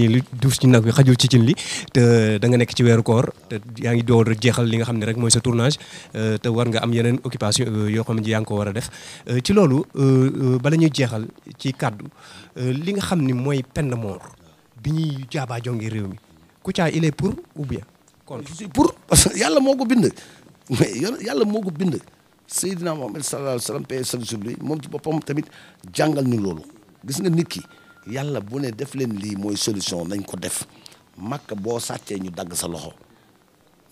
ni li duuf ci nag bi xajul ci cin li te da nga nekk ci weeru koor te yaa ngi door jeexal li nga xam ne rek mooy sa tournage euh, te war nga am yeneen occupation euh, yoo xam ne yaa ngi ko a def euh, ci loolu bala ñuy jeexal ci kàddu li nga xam ni mooy peine de bi ñuy jaabaa jonge réew mi Kouthia il est pour ou bien contre je suis pour parce que yàlla moo ko bind mais yàlla moo ko bind Seydina Mohamed sallallahu alayhi wa sallam paix sax moom ci boppam tamit jàngal ni loolu gis nga nit ki yàlla bu ne def leen lii mooy solution nañ ko def màkk boo sàccee ñu dagg sa loxo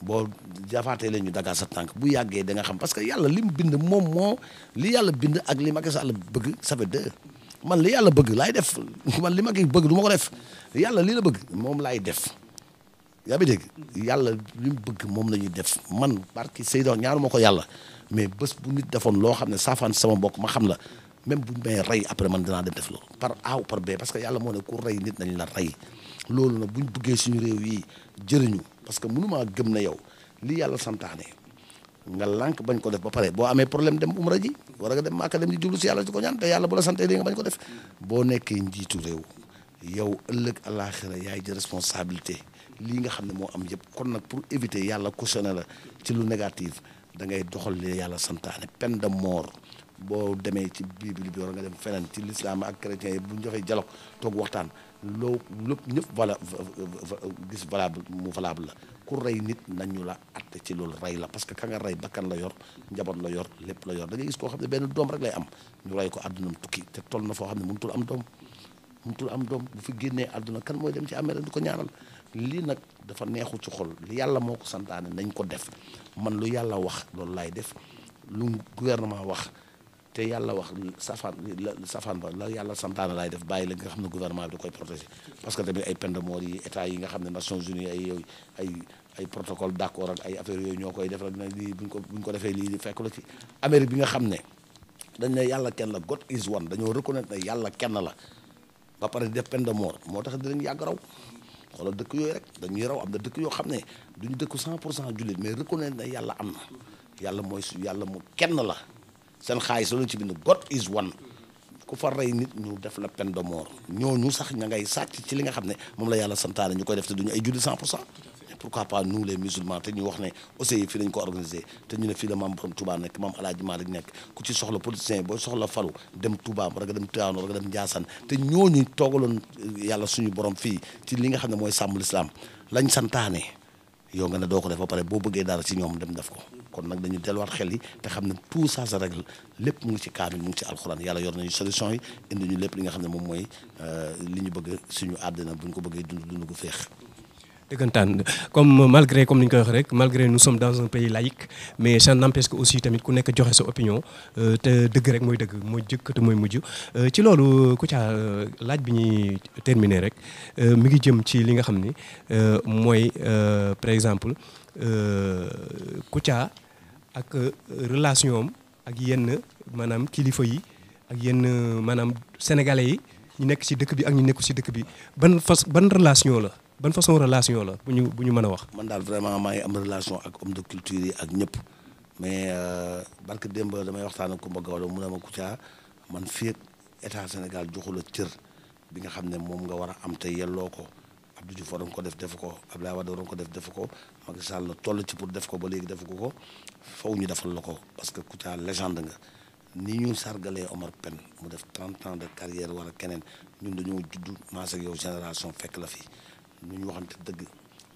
boo jafaatee leen ñu daggaa sa tànk bu yàggee da nga xam parce que yàlla li mu bind moom moo lii yàlla bind ak li Macky Sall bëgg ça fait deux man li yàlla bëgg laay def man li Macky bëgg du ma ko def yàlla lii la bëgg moom laay def yaa ngi dégg yàlla li mu bëgg moom la ñuy def man barki Seydou ñaanu ma ko yàlla mais bés bu nit defoon loo xam ne saafaan sama mbokk ma xam la même buñ ñu may rey après man dinaa dem def loolu par A ou par B parce que yàlla moo ne ku rey nit nañ la rey loolu nag bu ñu bëggee suñu réew yi jëriñu parce que mënumaa gëm na yow li yàlla santaane nga lànk bañ ko def ba pare boo amee problème dem umra ji war nga dem Màkka dem jublu si yàlla di ko ñaan te yàlla bu la santee dee nga bañ ko def boo nekkee njiitu réew yow ëllëg àlaaxira yaay ji responsabilité lii nga xam ne moo am yëpp kon nag pour éviter yàlla cautionné la ci lu négatif da ngay doxal yàlla santaane peine de mort boo demee ci bible bi war nga dem feneen ci lislaam ak chrétiens yi bu ñu joxee dialogue toog waxtaan loo lépp ñëpp vala gis valable mu valable la ku rey nit nañu la atte ci loolu rey la parce que ka rey bakkan la yor njaboot la yor lépp la yor da ngay gis koo xam ne benn doom rek lay am ñu rey ko àddunam tukki te toll na foo xam ne mënutul am doom mënutul am doom bu fi génnee àdduna kan mooy dem ci amee di ko ñaanal lii nag dafa neexu ci xol li yàlla moo ko santaane nañ ko def man lu yàlla wax loolu laay def lu gouvernement wax te yàlla wax safaan la safaan ba la yàlla santaane laay def bàyyi la nga xam ne gouvernement bi da koy protéger parce que tamit ay peine de mort yi état yi nga xam ne Nations Unies ay yooyu ay ay protocole d'accord ak ay affaires yooyu ñoo koy def rek ne lii ko buñ ko defee lii di fekk la ci Amérique bi nga xam ne dañ ne yàlla kenn la God is one dañoo reconnaître ne yàlla kenn la ba pare def peine de mort moo tax dañ yàgg raw xoolal dëkk yooyu rek dañuy raw am na dëkk yoo xam ne duñu dëkk 100 pour cent jullit mais reconnaître ne yàlla am na mooy su yàlla mu kenn la seen xaalis loolu ci bind God is one ku fa rey nit ñu def la peine de mort ñooñu sax ña ngay sàcc ci li nga xam ne moom la yàlla santaane ñu koy def te duñu ay julli 100 pour cent pourquoi pas nous les musulmans te ñu wax ne aussi fii lañ ko organisé te ñu ne fii la maam borom Touba nekk maam El Hadj nekk ku ci soxla politicien boo soxla falu dem Touba war nga dem Tiwaawan war nga dem Ndiassane te ñooñu toogaloon yàlla suñu borom fii ci li nga xam ne mooy sàmm l'islam lañ santaane yow nga ne doo ko def ba pare boo bëggee dara si ñoom dem def ko kon nag dañu delluwaat xel yi te xam ne tout ça sa règle lépp mu ngi ci kaamil mu ngi ci alxuraan yàlla yor nañu solution yi indi ñu lépp li nga xam ne moom mooy euh, li ñu bëgg suñu àddina bu ñu ko bëggee dund dund gu feex dëggantaan comme euh, malgré comme ni ñu koy waxee rek malgré nous sommes dans un pays laïque mais sa n'empêche que aussi tamit ku nekk joxe sa opinion euh, te dëgg rek mooy dëgg mooy jëkk te mooy mujj euh, ci loolu Kouthia laaj bi ñuy terminer rek mi ngi jëm ci li nga xam ni mooy par exemple Kouthia ak relation ak yenn maanaam kilifa yi ak yenn maanaam sénégalais yi ñu nekk ci dëkk bi ak ñu nekku ci dëkk bi ban fas ban relation la. ban façon relation la bu ñu bu ñu mën a wax. man daal vraiment maa ngi am relation ak homme de culture yi ak ñëpp mais euh, barke démb damay waxtaan ak Coumba Gawlo mu ne ma Kouthia man fii ak état Sénégal joxu la cër bi nga xam ne moom nga war a am te yelloo ko Abdou Diouf waroon ko def def ko ab Abdoulaye Wade waroon ko def def ko Macky Sall la toll ci pour def ko ba léegi defu ko ko faw ñu defal la ko parce que Kouthia légende nga. ni ñu sargalee Omar Pène mu def 30 ans de carrière wala keneen ñun dañoo judd maas yow génération fekk la fi ñu waxante dëgg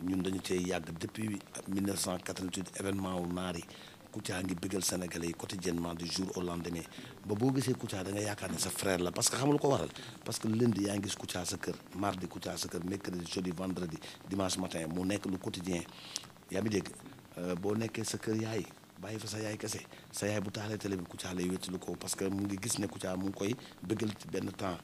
ñun dañu cee yàgg depuis 1988 événement wu naar yi Kouthia ngi bëggal Sénégalais yi quotidiennement du jour au lendemain ba boo gisee Kouthia da nga yaakaar ne sa frère la parce que xamul ko waral parce que lundi yaa ngi gis Kouthia sa kër mardi Kouthia sa kër mercredi jeudi vendredi dimanche matin mu nekk lu quotidien yaa ngi dégg euh, boo nekkee sa kër yaay bàyyi fa sa yaay kese sa yaay bu taalee télé bi Kouthia lay wéttalu ko parce que mu ngi gis ne Kouthia mu koy benn temps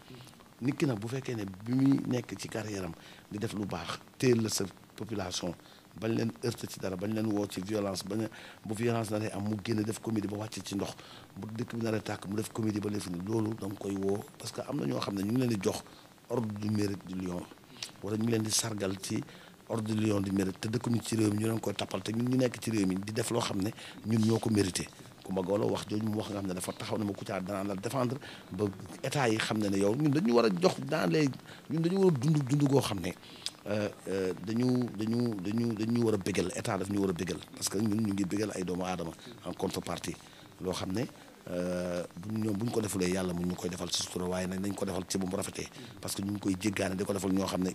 nit ki nag bu fekkee ne bi muy nekk ci carrière am di def lu baax téel la sa population bañ leen heurté ci dara bañ leen woo ci violence bañ bu violence naree am mu génn def comédie ba wàcc ci ndox bu dëkk bi naree tàkk mu def comédie ba léegi loolu da koy woo parce que am na ñoo xam ne ñu ngi leen di jox ordre du mérite du lion wala ñu ngi leen di sargal ci ordre du lion du mérite te dëkkuñu ci réew mi ñu leen koy tappal te ñun ñu nekk ci réew mi di def loo xam ne ñun ñoo ko mérité Kumba Gawlo wax jooju mu wax nga xam ne dafa taxaw ne ma Kouthia danaa la défendre ba état yi xam ne ne yow ñun dañu war a jox dans les ñun dañu war a dund dund goo xam ne euh, euh, dañu dañu dañu dañu war a bégal état daf ñu war a bégal parce que ñun ñu ngi bégal ay doomu aadama en contrepartie loo xam ne Euh, buñ ñoom bu ñu ko defulee yàlla mu ñu koy defal ci sutura waaye nag dañ ko defal ci bu mu rafetee parce que ñu ngi koy jéggaane di ko defal ñoo xam ne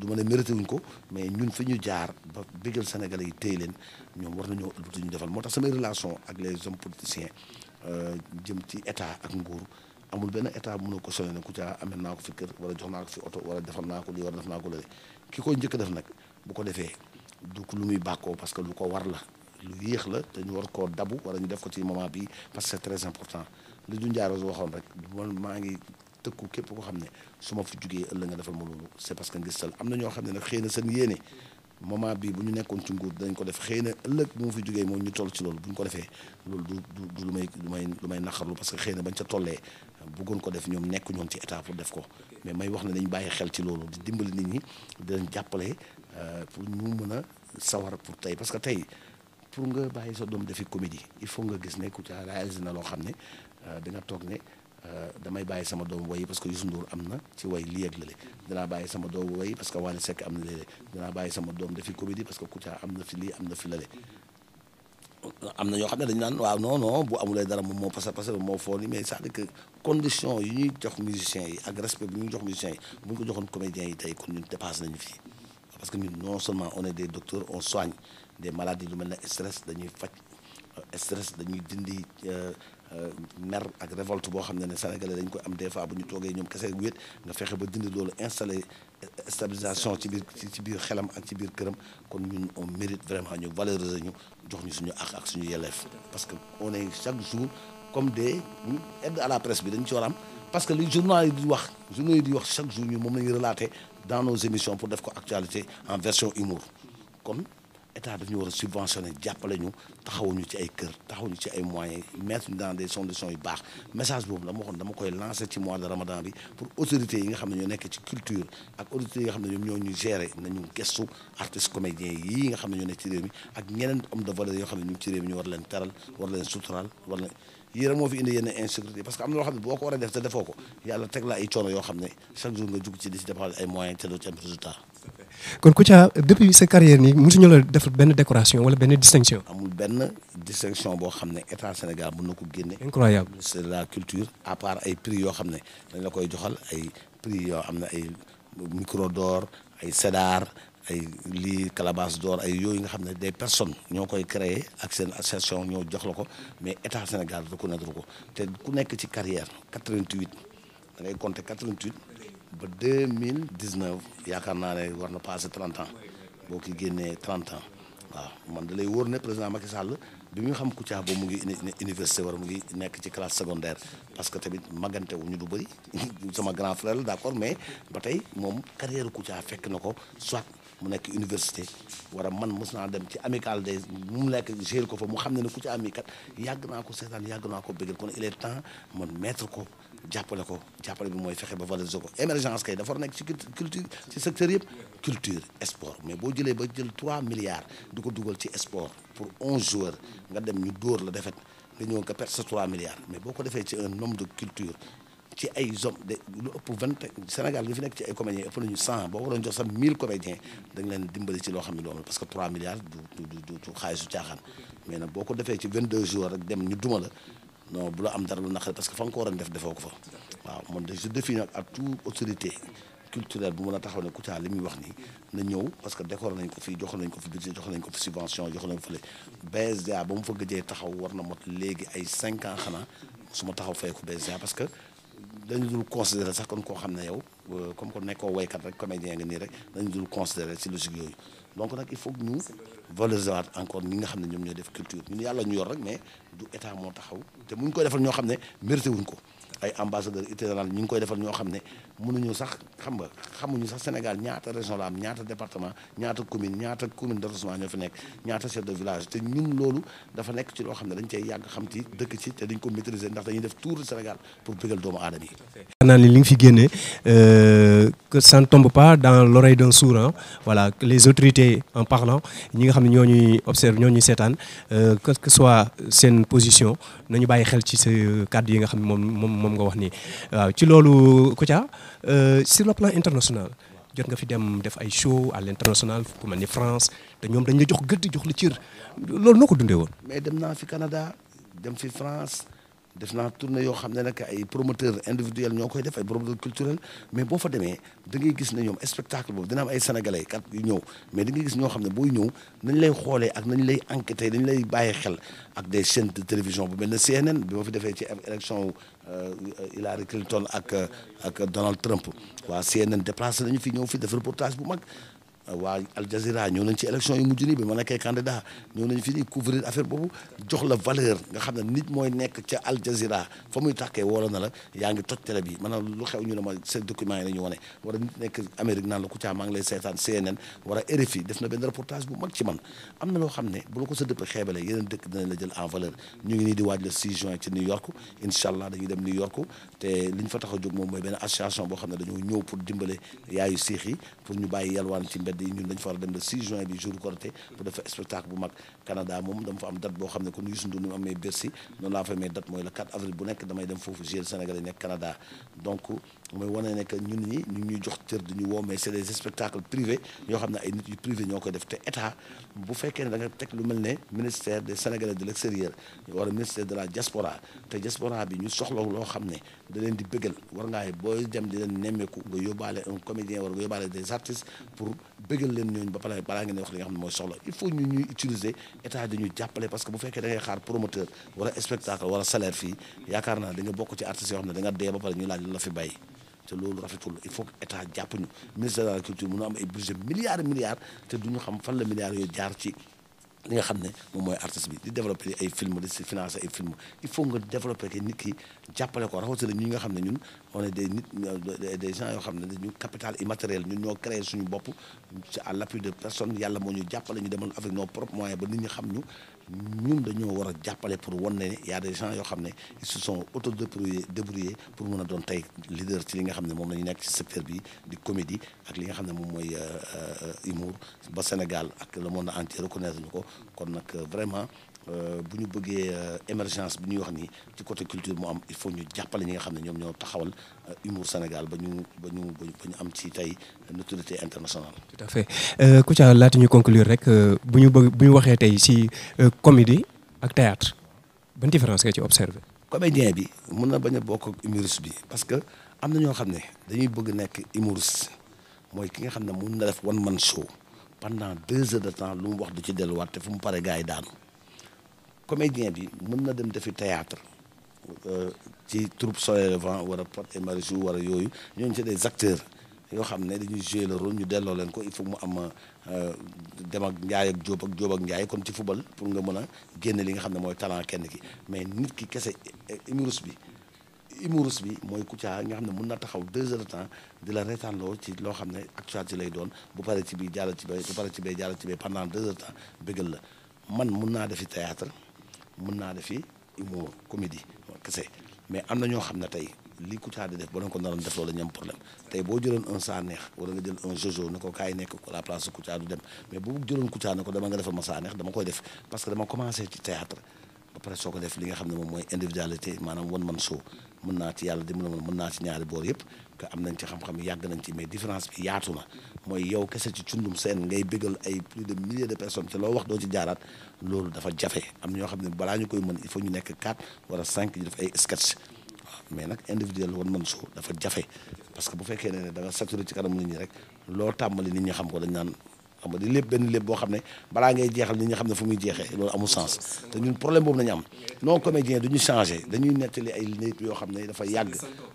du ma ne mérité wuñ ko mais ñun fi ñu jaar ba bégal sénégalais yi tey leen ñoom war nañoo ëlbati defal moo tax samay relation ak les hommes politiciens euh, jëm ci état ak nguur amul benn état bu mënoo ko sonné ne ku caa amee naa ko fi kër wala jox naa ko fi oto wala defal naa ko lii wala def naa ko lële ki ko njëkk def nag bu ko defee du lu muy bàkkoo parce que lu ko war la lu yéex la te ñu war koo dabu wala ñu def ko ci moment bi parce que c'est très important li du njaaroos waxoon rek maa ngi tëkku képp ko xam ne su ma fi jugee ëllëg nga defal ma loolu c'est parce que ngistal am na ñoo xam ne nag xëy na seen yéene moment bi bu ñu nekkoon ci nguur dañ ko def xëy na ëllëg bu ma fi jugee moom ñu toll ci loolu bu ñu ko defee loolu du du lu may lu may lu may naqarlu parce que xëy na bañ ca tollee bëggoon ko def ñoom nekk ñoom ci état pour def ko mais may wax ne dañ bàyyi xel ci loolu dimbali nit ñi di leen jàppale euh, pour ñu mën a sawar pour tey parce que tey pour nga bàyyi sa doom defi comédie il faut nga gis ne Kouthia réalisé na loo xam ne euh, da nga toog ne euh, damay bàyyi sama doom woy parce que Youssou Ndour am na ci way lii ak lële danaa bàyyi sama doom woy parce que Wally Seck am na lële danaa bàyyi sama doom defi comédie parce que Kouthia am na fi lii am na fi lële am na ñoo xam ne dañu naan waaw non non bu amulee dara moom moo passé passé moo foo ni mais cest à que condition yi ñuy jox musiciens yi ak respect bi ñuy jox musiciens yi bu ñu ko joxoon comédiens yi tey kon ñun dépassé fii parce que ñun non seulement on est des docteurs on soigne des maladies lu mel ne stress dañuy faj euh, stress dañuy dindi euh, euh, mer ak révolte boo xam ne ne Sénégalais dañ koy am des fois bu ñu toogee ñoom kese wéet nga fexe ba dindi loolu installé stabilisation ci biir ci biir xelam ak ci biir këram kon ñun on mérite vraiment ñu valoriser ñu jox ñu suñu ak ak suñu yelleef parce que on chaque jour comme des aide à la presse bi dañ ci war parce que li journal yi di wax journal yi di wax chaque jour ñu moom la ñuy relaté dans nos émissions pour def ko actualité en version humour kon état daf ñu war a subventionné jàppale ñu taxawuñu ci ay kër taxawuñu ci ay moyens mettre ñu dans des conditions yu baax message boobu la ma waxoon dama koy lancé ci mois de ramadan bi pour autorités yi nga xam ne ñoo nekk ci culture ak autorités yi nga xam ne ñoom ñoo ñu géré nañu gëstu artistes comédiens nga xam ne nekk ci réew mi ak ñeneen homme de valeur yoo xam ne ñu ngi ci war leen teral war leen sutural yii rek moo fi indi yenn insécurité parce que am na loo xam ne boo ko war a def te defoo ko yàlla teg la ay coono yoo xam ne chaque jour nga jug ci di si defal ay moyens te doo ci am résultat. kon Kouthia depuis sa boo xam ne état Sénégal mën na ko génne. incroyable c'est la culture à part ay prix yoo xam ne dañ la koy joxal ay prix yoo am na ay micro door ay sédar. ay lii calebasse d'or ay yooyu nga xam ne des personnes ñoo koy créer ak seen ñoo jox la ko mais état Sénégal reconnaître ko te ku nekk ci carrière 88 da ngay compter 88 ba 2019 yaakaar naa ne war na passé 30 ans boo ki génnee 30 ans waaw man da lay wóor ne président Macky Sall bi mu xam Kouthia boobu mu ngi université war mu ngi nekk ci classe secondaire parce que tamit magante ñu du bëri sama grand frère la d'accord mais ba tey moom carrière Kouthia fekk na ko mu nekk université war a man mos naa dem ci amical des mu nekk gérer ko fa mu xam ne ne ku ci ami kat yàgg naa ko seetaan yàgg naa ko bëggal kon il est temps man mettre ko jàppale ko jàppale bi mooy fexe ba valoriser ko émergence kay dafa nekk ci culture ci secteur yëpp culture sport mais boo jëlee ba jël 3 milliards du ko dugal ci sport pour 11 joueurs nga dem ñu dóor la defet nga ñëw nga perte sa milliards mais boo ko defee ci un homme de culture ci ay zom de lu ëpp vingt Sénégal gi fi nekk ci ay comédiens ëpp nañu cent boo ko doon jox sax mille comédiens dañ leen dimbali ci loo xam ne loolu parce que trois milliards du du du du xaalisu caaxaan mais nag boo ko defee ci vingt deux jours rek duma la bu la am dara lu naqari parce que fa nga ko waroon def defoo ko fa waaw man de je défie nag à autorité culturelle bu mën a taxaw ne Kouthia li muy wax nii na ñëw parce que décoré nañ ko fii jox nañ ko fi budget jox nañ ko fi subvention jox nañ fële ba mu fa taxaw war na mot léegi ay cinq ans su ma taxaw fay ko BSDA parce que dañu dul considéré sax kon koo xam ne yow euh, comme ko nekkoo waykat rek comédien nga nii rek dañu dul considéré si logique yooyu donc nag il faut que ñu valoriser waat encore ñi nga xam ne ñoom ñooy def culture ñun yàlla ñu yor rek mais du état moo taxaw te muñ ko defal ñoo xam ne mérité wuñ ko ay ambassadeur itinérant ñu ngi koy defal ñoo xam ne mënuñu sax xam nga xamuñu sax Sénégal ñaata région la ñaata département ñaata commune ñaata commune d'arrondissement ñoo fi fi génnee euh, que ça ne pas dans l'oreille d'un sourd voilà les autorités en parlant ñi nga xam ne ñoo observe ñoo seetaan euh, quelle soit seen position nañu bàyyi xel ci sa euh, yi nga xam moom moom moom nga wax nii waaw ci loolu Kouthia euh, sur le plan international jot nga fi dem def ay show à l'international ku mel ni France te ñoom dañ la jox gëdd jox la cër loolu noo ko dundee mais dem naa fi Canada dem fi France. def naa tournée yoo xam ne nag ay promoteurs individuels ñoo koy def ay promoteurs culturels mais boo fa demee da ngay gis ne ñoom spectacle boobu dina am ay sénégalais kat yu ñëw mais da ngay gis ñoo xam ne booy ñëw nañ lay xoolee ak nañ lay enquêté dañ lay bàyyi xel ak des chaînes de télévision bu mel ne CNN bi ma fi defee ci élection euh, Hillary Clinton ak euh, ak Donald Trump waa CNN déplacé nañu fi ñëw fi def reportage bu mag. waa Al Jazeera ñëw ci élection yu mujj nii bi ma nekkee candidat ñëw fi nii couvrir affaire boobu jox la valeur nga xam ne nit mooy nekk ca Al fa muy tàkkee woola na la yaa ngi toj télé bi maanaam lu xew ñu ne ma seen document yi la ñu wane war a nit nekk Amérique naan la Kouthia maa ngi seetaan CNN war a def na benn reportage bu mag ci man am na loo xam ne bu la ko sa dëpp xeebalee yeneen dëkk dinañ la jël en valeur ñu ngi nii di a boo xam ne dañoo ñëw Canada yi ñun dañ fa war a dem le juin bi jour Korité pour def spectacle bu mag Canada moom dama fa am date boo xam ne kon Youssou Ndour ni mu Bercy noonu laa fa amee date mooy le 4 avril bu nekk damay dem foofu gérer Sénégal yi nekk Canada donc mooy wane ne que ñun ñi ñu ñuy jox cër dañu woo mais c'est des spectacles privés yoo xam ne ay nit yu privé ñoo ko def te état bu fekkee ne da nga teg lu mel ne ministère des Sénégalais de l'extérieur wala ministère de la diaspora te diaspora bi ñu soxla loo xam ne da leen di bëggal war ngaa booy dem di leen nemmeeku nga yóbbaale un comédien war nga yóbbaale des artistes pour bëggal leen ñooñu ba pare balaa ngeen wax li nga xam ne mooy soxla il faut ñu ñuy utiliser état di ñu jàppale parce que bu fekkee da ngay xaar promoteur wala spectacle wala salaire fii yaakaar naa da nga bokk ci artistes yoo xam ne da nga te loolu rafetul il faut que jàpp ñu ministre de la culture mun a am ay budget milliards milliards te du ñu xam fan la milliards yooyu jaar ci li nga xam ne moom mooy artiste di développer ay film di si financer ay nga développer que ki jàppale ko rawatina ñi nga xam ne ñun on est des nit des yoo xam ne ñu capital immatériel ñun ñoo créer suñu bopp à l'appui de personnes yàlla moo ñu jàppale ñu demal avec nos propres moyens ba nit ñi xam ñu ñun dañoo war a jàppale pour wan ne y a des yoo xam ne ils se sont auto débrouillés débrouillés pour mun a doon tey leader ci li nga xam ne moom la ñu nekk ci secteur bi di comédie ak li nga xam ne moom mooy euh, euh, humour ba Sénégal ak le monde entier reconnaître ñu ko kon nag euh, vraiment Euh, bu ñu bëggee euh, émergence bu ñuy wax nii ci côté culture mu am il faut ñu jàppale ñi nga xam ne ñoom ñoo taxawal euh, humour Sénégal ba ñu ba ñu ba ñu am ci tey notoriété internationale. tout à fait Kouthia laata ñu conclure rek bu ñu bëgg bu waxee tey si comédie ak théâtre ban différence nga ci observé. comédien bi mun na bañ a bokk ak humoriste bi parce que am na ñoo xam ne dañuy bëgg nekk humoriste mooy ki nga xam ne mun na def one man show pendant deux heures de temps lu mu wax du ci delluwaat te fu mu paree gars yi daanu. comédien bi mën na dem defi théâtre euh, ci troupe Soleil Levant wala Pod et Marichou wala yooyu ñooñu c'est des acteurs yoo xam ne dañuy jouer la rôle ñu delloo leen ko il faut mu am euh, dem ak njaay ak jóob ak jóob ak njaay comme ci foobal pour nga mën a génn li nga xam ne mooy talent kenn ki mais nit ki kese humoriste bi humoriste bi mooy Kouthia nga xam ne mun na taxaw deux heures temps di la reetaanloo ci loo xam ne actualité lay doon bu pare ci bii jàll ci bee bu pare ci bee jàll ci pendant deux heures de temps la man mun naa defi théâtre mën naa defi humour comédie kese mais am na ñoo xam ne tey li Kouthia di def ba doon ko naroon def loolu la problème tey boo jëloon un Sanekh wala nga jël un Jojo ne ko kaay nekk à la place Kouthia du dem mais bu jëloon Kouthia ne ko dama nga defal ma Sanekh dama koy def parce que dama commencé ci théâtre ba pare soo ko def li nga xam ne moom mooy individualité maanaam one man show mën naa ci yàlla dimbali mën naa ci ñaari boor yëpp te am nañ ci xam-xam yàgg nañ ci mais différence bi yaatu na mooy yow kese ci cundum seen ngay bégal ay plus de milliers de personnes te loo wax doo ci jaaraat loolu dafa jafe am ñoo xam ne balaa ñu koy mën il faut ñu nekk 4 a 5 ñu def ay sketch mais nag individuel One Man Show dafa jafe parce que bu fekkee ne da nga saturé ci kanam nit ñi rek loo tàmbali nit ñi xam ko dañ naan xam nga di lépp benn lépp boo xam ne balaa ngay jeexal nit ñi xam ne fu muy jeexee loolu amul sens te ñun problème boobu nañu am non comédien duñu changé dañuy nettali ay nit yoo xam ne dafa yàgg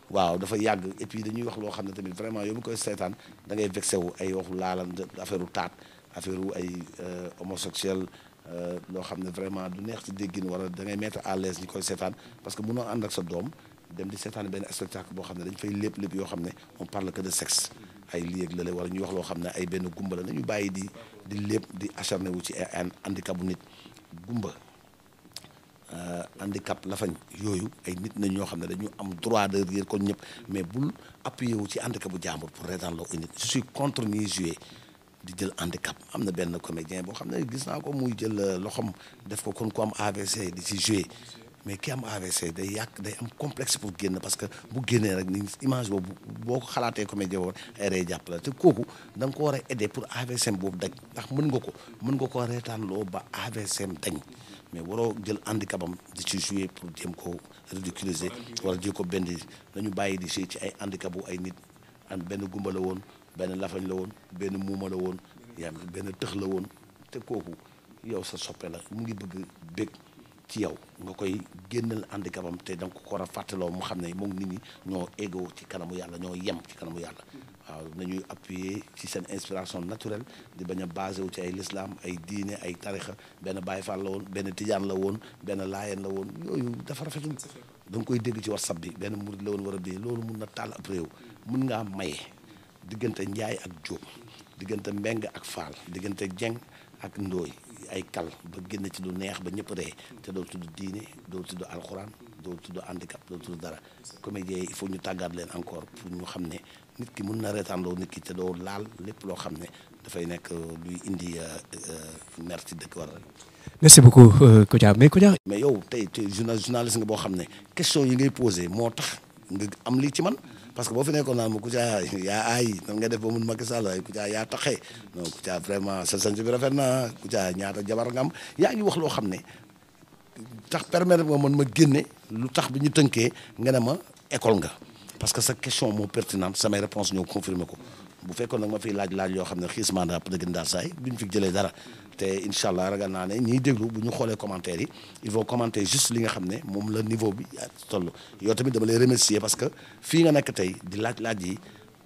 waaw dafa yàgg et puis dañuy wax loo xam ne tamit vraiment yow mi koy seetaan da ngay vexé wu ay waxu laalan affaire u taat affaire wu ay euh, homosexuel euh, loo xam ne vraiment du neex ci déggin wala da à l'aise ñi koy seetaan parce que mënoo ànd ak sa doom dem di seetaan benn spectacle boo xam ne dañ fay lépp lépp yoo xam ne on parle que de sexe ay lii ak lële wala ñuy wax loo xam ne ay benn gumba la nañu bàyyi di di lépp di acharné wu ci ay handicap bu nit gumba euh, handicap lafañ yooyu ay nit ñoo xam ne dañu am droit de rire kon ñëpp mais bul appuyer wu ci handicap bu jàmbur pour reetaan loo ay nit contre ñuy jouer di jël handicap am na benn comédien boo xam ne gis naa ko muy jël euh, loxom def ko kon ku am AVC di ci jouer mais ki am AVC day yàq day am complexe pour génn parce que bu génnee rek ni image boobu boo ko xalaatee comédien woon ay rey jàpp la te kooku da ko war a aider pour AVC boobu dañ ndax mën nga ko mën nga ko reetaan loo ba AVC dañ mais waroo jël handicapam di ci jouer pour jéem ko ridiculiser wala di ko benn dañu bàyyi di jouer ci ay handicap bu ay nit am benn gumba la woon benn lafañ la woon benn muuma la woon yaa benn tëx la woon te kooku yow sa soppe la mu ngi bëgg bëgg ci yow nga koy génnal handicapam te danga ko war a fàttaloo mu xam ne moom nit ñi ñoo égoo ci kanamu yàlla ñoo yem ci kanamu yàlla waaw ñuy appuyer ci seen inspiration naturelle di bañ a basé wu ci ay lislaam ay diine ay tarixa benn Baay Faal la benn tijaan la woon benn laayeen la woon yooyu dafa rafetul da nga koy dégg ci whatsapp bi benn murid la woon war a dee loolu mun na tàll ab réew mun ngaa maye diggante njaay ak jóob diggante mbeng ak faal diggante jeng ak ndooy ay kal ba génn ci lu neex ba ñëpp ree te doo tudd diine doo tudd alxuraan doo tudd handicap doo tudd dara comédien yi il faut ñu tàggaat leen encore pour ñu xam ne nit ki mun na reetaan loo nit ki te doo laal lépp loo xam ne dafay nekk euh, luy indi euh, euh, mer dëkk war merci beaucoup Kouthia mais Kouthia mais yow tey tey journaliste nga boo xam ne question yi ngay posé moo tax nga am lii ci man parce que boo fi nekkoon naan ma Kouthia yaa aay nan nga def ba mun Macky Sall ay Kouthia yaa taxee non Kouthia vraiment sa sanc bi rafet na ñaata jabar nga am yaa ngi wax loo xam ne tax permettre moom man ma génne lu tax bu ñu tënkee nga ne ma école nga parce que sa question moo pertinente samay réponse ñoo confirmer ko bu fekkoon nag ma fi laaj laaj yoo xam ne xiis mandat pour dëgg ndaar saay duñ fi jëlee dara te incha allah ragal naa ne ñiy déglu bu ñu xoolee commentaire yi il faut commenter juste li nga xam ne moom la niveau bi toll yow tamit dama lay remercier parce que fii nga nekk tey di laaj laaj yi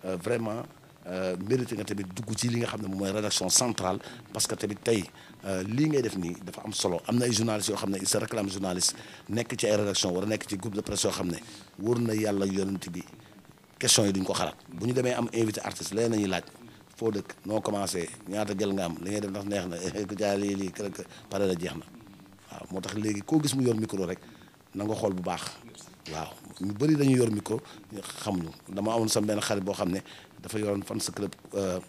euh, vraiment euh, mérité nga tamit dugg ci li nga xam ne moom mooy rédaction centrale parce que tamit tey euh, lii ngay def nii dafa am solo am na ay journalistes yoo xam ne ils se réclament journaliste nekk ci ay rédaction wala nekk ci groupe de presse xam ne wóor na yàlla yonent bi question yi duñ ko xalaat bu ñu demee am invité artiste leen nañuy laaj foo dëkk noo commencé ñaata jël nga am li ngay def ndax neex na ku jaay lii lii kër pare la jeex na waaw moo tax léegi koo gis mu yor micro rek na nga xool bu baax waaw ñu bëri dañuy yor micro xam ñu dama amoon sama benn xarit boo xam ne dafa yoroon fan sa club euh,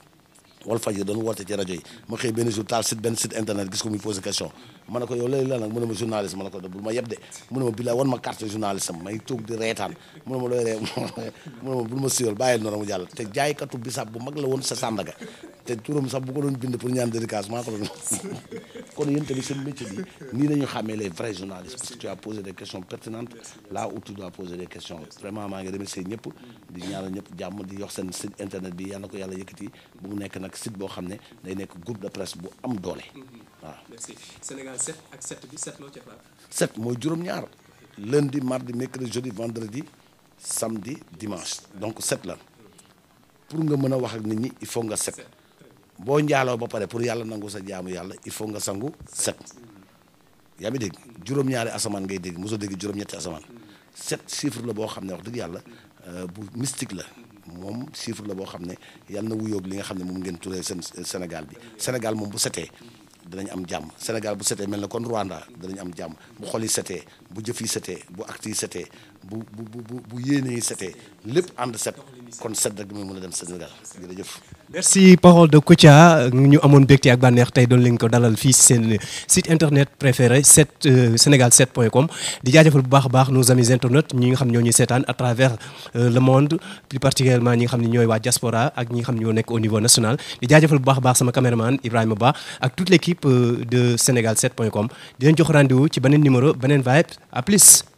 wal fajir doon woote ci rajo yi ma xëy benn jour taal site benn site internet gis ko muy posé question ma ne ko yow léegi la nag mu ne ma journaliste ma ne ko bul ma yeb de mu ne ma bilaay wan ma carte journaliste am may toog di reetaan mu ne ma looy ree mu ne ma bul ma siyol bàyyil noonu mu jàll te jaaykatu bisaab bu mag la woon sa Sandaga te turam sax bu ko doon bind pour ñaan dédicace maa ko doon kon yéen tamit seen métier bi nii la ñu xàmmee les vrais journalistes parce que tu as posé des questions pertinentes là où tu dois poser des questions vraiment maa ngi remercier ñëpp di ñaanal ñëpp jàmm di yox seen site internet bi yàlla ko yàlla yëkkati bu mu nekk nag site boo xam ne day nekk groupe de presse bu am doole waaw. Mm-hmm. merci Sénégal 7 ak 7 bi 7 loo ca xalaat. 7 mooy juróom-ñaar lundi mardi mercredi jeudi vendredi samedi dimanche donc 7 la pour nga mën a wax ak nit ñi il faut nga 7. boo njaaloo ba pare pour yàlla nangu sa jaamu yàlla il faut nga sangu set yaa ngi dégg juróom-ñaari asamaan ngay dégg mosoo dégg juróom-ñetti asamaan set chiffre la boo xam ne wax dëgg yàlla euh, bu mystique la moom chiffre la boo xam ne yàlla na wuyoog li nga xam ne moom ngeen turee seen euh, Sénégal bi Sénégal moom bu setee danañ am jàmm Sénégal bu setee mel na kon Rwanda danañ am jàmm bu xol yi setee bu jëf yi setee bu acte yi setee bu bu bu bu yéene yi setee lépp ànd set kon set rek mooy mën a dem Sénégal doon lañ ko dalal fii seen site internet préféré set euh, Sénégal 7 point di jaajëfal bu baax baax nos amis internautes ñi nga xam ñoo ñuy seetaan à travers euh, le monde plus particulièrement ñi nga xam ne ñooy waa diaspora ak ñi nga xam ñoo nekk au niveau national di jaajëfal bu baax a baax sama caméraman Ibrahima Ba ak toute l'équipe équipe euh, de Sénégal 7 point com di leen jox rendez-vous ci beneen numéro beneen vibe à plus.